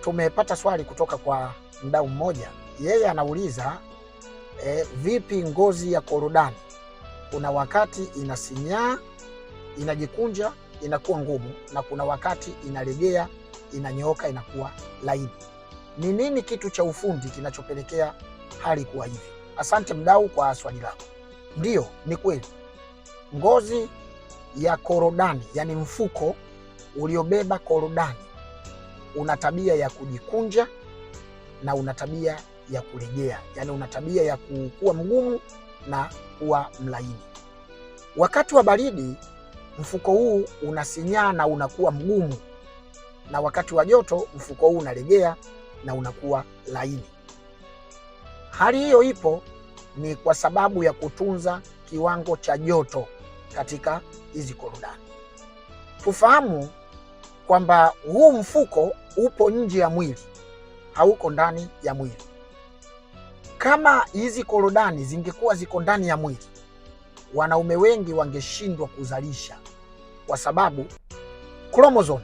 tumepata swali kutoka kwa mdau mmoja, yeye anauliza e, vipi ngozi ya korodani? Kuna wakati inasinyaa, inajikunja, inakuwa ngumu na kuna wakati inalegea, inanyooka, inakuwa laini. Ni nini kitu cha ufundi kinachopelekea hali kuwa hivi? Asante mdau kwa swali lako. Ndiyo, ni kweli ngozi ya korodani, yani mfuko uliobeba korodani una tabia ya kujikunja na una tabia ya kulegea, yaani una tabia ya kuwa mgumu na kuwa mlaini. Wakati wa baridi mfuko huu unasinyaa na unakuwa mgumu, na wakati wa joto mfuko huu unalegea na unakuwa laini. Hali hiyo ipo ni kwa sababu ya kutunza kiwango cha joto katika hizi korodani. Tufahamu kwamba huu mfuko upo nje ya mwili, hauko ndani ya mwili. Kama hizi korodani zingekuwa ziko ndani ya mwili, wanaume wengi wangeshindwa kuzalisha, kwa sababu kromosomu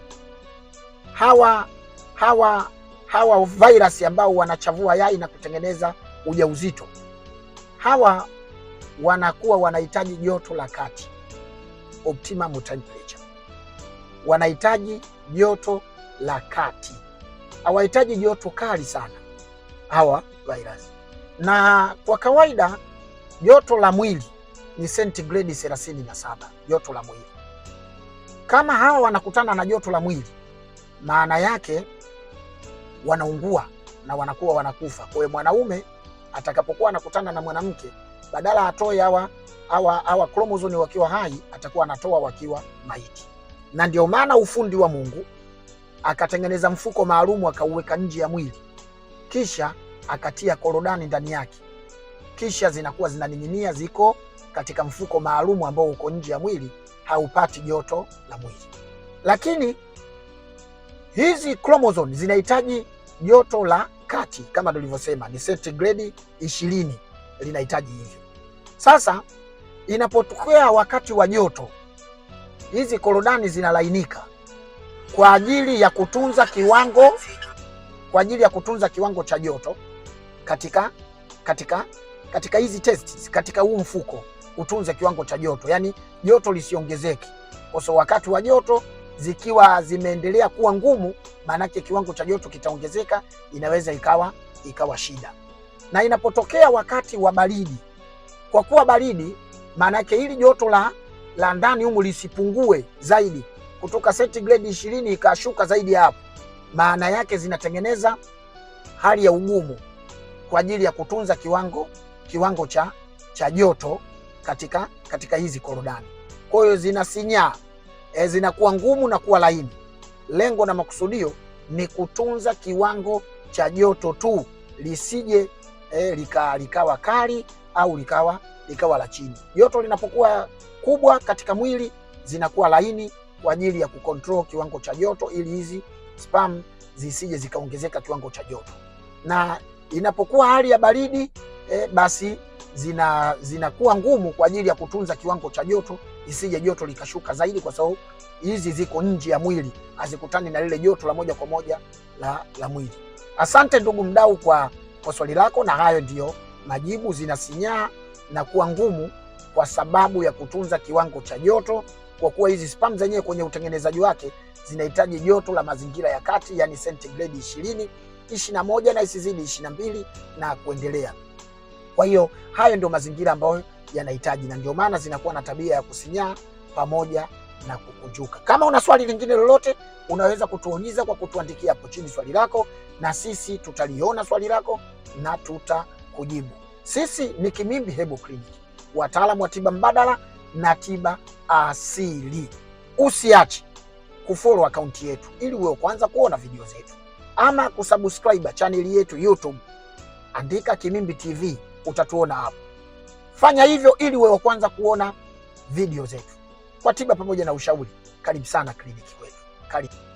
hawa hawa hawa virus ambao wanachavua yai na kutengeneza ujauzito, hawa wanakuwa wanahitaji joto la kati, optimum temperature, wanahitaji joto la kati, hawahitaji joto kali sana hawa virus. Na kwa kawaida joto la mwili ni sentigredi 37 joto la mwili. Kama hawa wanakutana na joto la mwili, maana yake wanaungua na wanakuwa wanakufa. Kwa hiyo mwanaume atakapokuwa anakutana na mwanamke, badala atoe hawa hawa hawa kromozoni wakiwa hai, atakuwa anatoa wakiwa maiti na ndio maana ufundi wa Mungu akatengeneza mfuko maalumu akauweka nje ya mwili, kisha akatia korodani ndani yake, kisha zinakuwa zinaning'inia, ziko katika mfuko maalumu ambao uko nje ya mwili, haupati joto la mwili. Lakini hizi chromosome zinahitaji joto la kati, kama tulivyosema ni sentigredi ishirini, linahitaji hivyo. Sasa inapotokea wakati wa joto hizi korodani zinalainika kwa ajili ya kutunza kiwango kwa ajili ya kutunza kiwango cha joto katika katika katika hizi tests, katika huu mfuko utunze kiwango cha joto, yani joto lisiongezeke, kwa sababu wakati wa joto zikiwa zimeendelea kuwa ngumu, maanake kiwango cha joto kitaongezeka, inaweza ikawa ikawa shida. Na inapotokea wakati wa baridi, kwa kuwa baridi, maanake hili joto la la ndani humu lisipungue zaidi kutoka centigrade ishirini ikashuka zaidi ya hapo, maana yake zinatengeneza hali ya ugumu kwa ajili ya kutunza kiwango kiwango cha cha joto katika katika hizi korodani. Kwa hiyo zinasinyaa, e, zinakuwa ngumu na kuwa laini. Lengo na makusudio ni kutunza kiwango cha joto tu lisije e, lika, likawa kali au likawa likawa la chini. Joto linapokuwa kubwa katika mwili zinakuwa laini kwa ajili ya kukontrol kiwango cha joto ili hizi spam zisije zikaongezeka kiwango cha joto, na inapokuwa hali ya baridi eh, basi zina zinakuwa ngumu kwa ajili ya kutunza kiwango cha joto, isije joto likashuka zaidi, kwa sababu hizi ziko nje ya mwili, hazikutani na lile joto la moja kwa moja la, la mwili. Asante ndugu mdau kwa, kwa swali lako, na hayo ndiyo majibu zinasinyaa na kuwa ngumu kwa sababu ya kutunza kiwango cha joto, kwa kuwa hizi spam zenyewe kwenye utengenezaji wake zinahitaji joto la mazingira ya kati, yani sentigredi 20, 21 na isizidi 22 na kuendelea. Kwa hiyo hayo ndio mazingira ambayo yanahitaji, na ndio maana zinakuwa na tabia ya kusinyaa pamoja na kukunjuka. Kama una swali lingine lolote, unaweza kutuuliza kwa kutuandikia hapo chini swali lako, na sisi tutaliona swali lako na tutakujibu. Sisi ni Kimimbi Herbal Clinic, wataalamu wa tiba mbadala na tiba asili. Usiache kufollow akaunti yetu ili uwe kwanza kuona video zetu, ama kusubscribe chaneli yetu YouTube, andika Kimimbi TV utatuona hapo. Fanya hivyo ili uwe kwanza kuona video zetu kwa tiba pamoja na ushauri. Karibu sana kliniki kwetu, karibu.